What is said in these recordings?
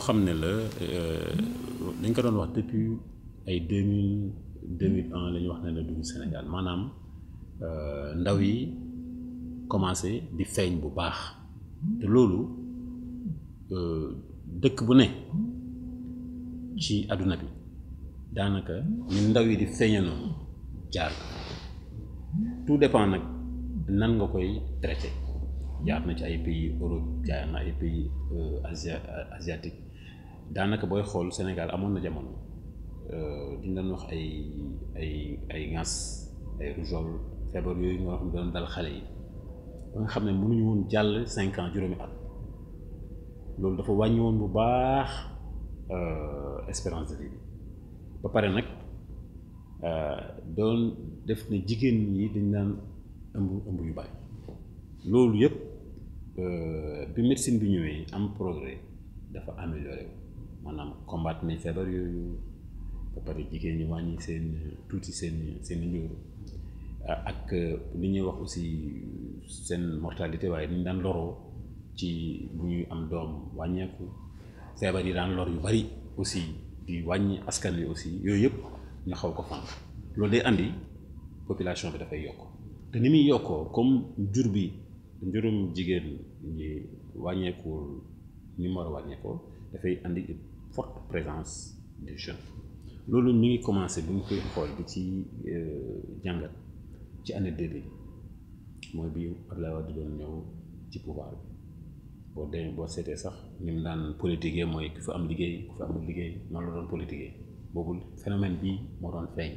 xamne xam ne la euh, dañ ko doon wax depuis ay 2000 mille deux la ñu wax ne la dugg Sénégal maanaam euh, ndaw yi commencé di feeñ bu baax te loolu euh, dëkk bu ne ci aduna bi daanaka ni ndaw yi di feeñanoo jaar tout dépend nag nan nga koy traité jaar na ci ay pays Europe jaar na ay pays Asia asiatique daanaka booy xool Sénégal amoon na jamono diñ euh, doon wax ay ay ay ŋas ay rougeole feebar yooyu nga wax ne doon xale yi ba nga xam ne mënuñu woon jàll cinq ans juróomi at loolu dafa wàññi woon bu baax euh, espérance de vie ba pare nag euh, doon def ne jigéen ñi dañ daan ëmb ëmb yu bari loolu yëpp bi médecine bi ñëwee am progrès dafa amélioré maanaam combattre nañ feebar yooyu ba pare jigéen ñi wàññi seen tuuti seen seen njóoru ak li ñuy wax aussi seen mortalité waaye ni ñu daan loroo ci bu ñuy am doom wàññeeku feebar yi daan lor yu bari aussi di wàññi askan wi aussi yooyu yëpp ñu xaw ko fànn loolu day indi population bi dafay yokk te ni muy yokkoo comme jur bi njurum jigéen ñi wàññeekul numéro mu war a wàññeekoo dafay andi forte présence des jeunes loolu mi ngi commencé bu ñu koy xool bi ci euh, jàngat ci année 2000 mooy bi Abdoulaye Wade doon ñew ci pouvoir bi boo demee boo seetee sax ñim mu politique moy mooy ku fa am liggéey ku fa am liggéey non la doon politique bobul phénomène bi mo doon feeñ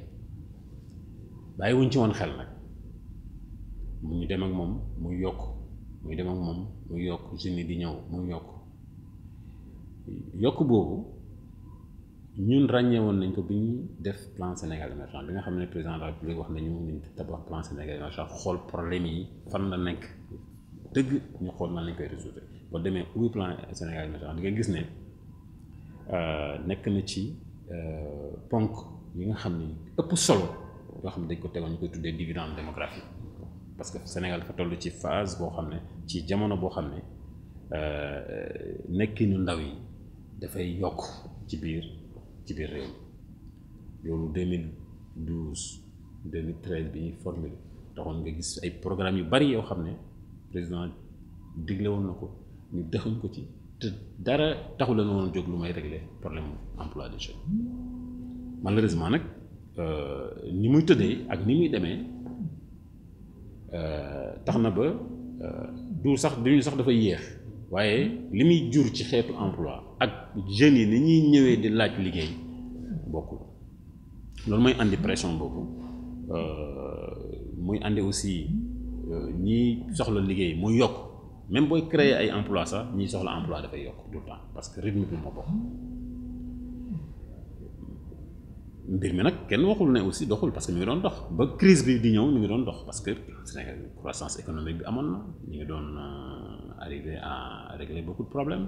bayi wuñ ci won xel nak mu ñu dem ak mom mu yok muy dem ak mom muy yokk jeunes di ñëw muy yokk. yokk boobu ñun ràññee woon nañ ko bi ñu def plan Sénégal émergent bi nga xam ne président de la République wax nañu ñu tabax plan Sénégal émergent xool problème yi fan la nekk dëgg ñu xool nan lañ koy résoudre boo demee ubbi plan Sénégal émergent di nga gis ne euh, nekk na ci euh, ponk yi nga xam ne ëpp solo yoo xam ne dañ ko tegoon ñu koy tuddee dividende démographique parce que Sénégal dafa toll ci phase boo xam ne ci jamono boo xam ne euh, nekki ñu ndaw yi dafay yokk ci biir ci biir réew mi loolu 2012 2013 bi ñuy formulé taxoon nga gis ay programme yu bari yoo xam ne président digle woon na ko ñu dexuñ ko ci te dara taxu la woon jóg lu may régler problème emploi des jeunes malheureusement nag euh, ni muy tëddee ak ni muy demee euh, tax na ba euh, du sax duñu sax dafa yéex waaye li muy jur ci xeetu emploi ak je yi ni ñuy di laaj liggéey lool moy andi pression euh aussi euh, ñi soxla liggéey même boy créer ay emploi ça ñi soxla emploi fay yok tout parce que rythme bi mo bokk kenn waxul aussi doxul parce que nous ngi dox crise bi di ñëw parce que croissance économique bi amoon na euh, arrivé à régler beaucoup de problèmes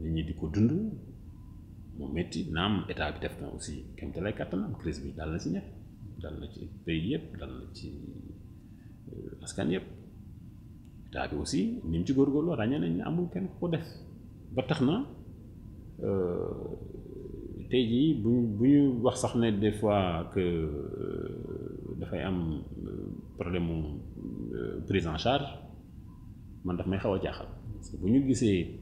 nit ñi di ko dund mu métti nam état bi def na aussi kem te lay kattanam crise bi dal na ci ñëpp dal na ci pays yëpp dal na ci eh, askan yëpp état bi aussi ni mu ci góorgóorlu ken nañ ne amul kenn ko def ba tax na eh, tey jii bu bu ñu wax sax ne des fois que eh, dafay am problème prise en charge man daf may xaw a parce que bu ñu gisee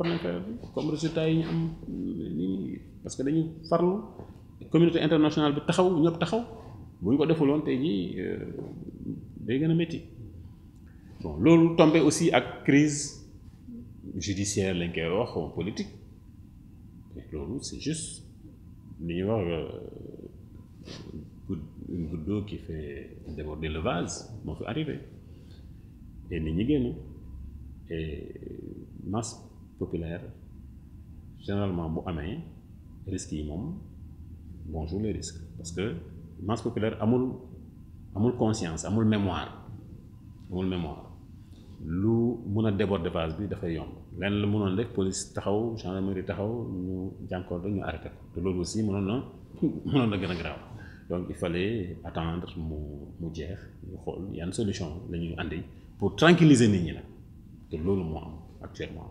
problème comme résultat yi ñu am euh, parce que dañuy farlu communauté internationale bi taxaw ñëpp taxaw buñ ko defuloon tey jii euh, day gën a métti bon loolu tombé aussi ak crise judiciaire lañ koy wax politique et loolu c'est juste li ñuy wax euh, une goutte qui fait déborder le vase moo fi arrivé et nit ñi génn et masse populaire généralement bu amé risque yi moom bonjour les risques parce que masse populaire amul amul conscience amul mémoire amul mémoire lu mun a déborder base bi dafay yomb lenn la mënoon rek police taxaw gendarmerie taxaw ñu jankor ñu arrêté ko te loolu aussi mënoon na mënoon na gën grave donc il fallait attendre mu mu jeex ñu xol yane solution la ñuy andi pour tranquilliser nit ñi nag te loolu moo am actuellement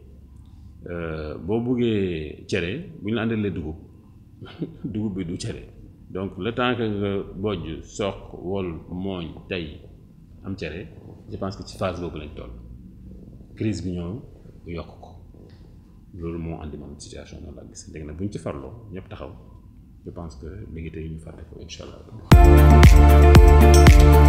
Euh, boo buggee cere bu ñu la àndalee dugub dugub bi du cere donc le temps que nga bojj soq wol mooñ tey am cere je pense que ci phase boobu lañ toll crise bi ñoo yokk ko loolu moo andi man situation noonu laa gis léegi nag bu ñu ci farloo ñëpp taxaw je pense que léegi tey ñu fàtte ko incha allah.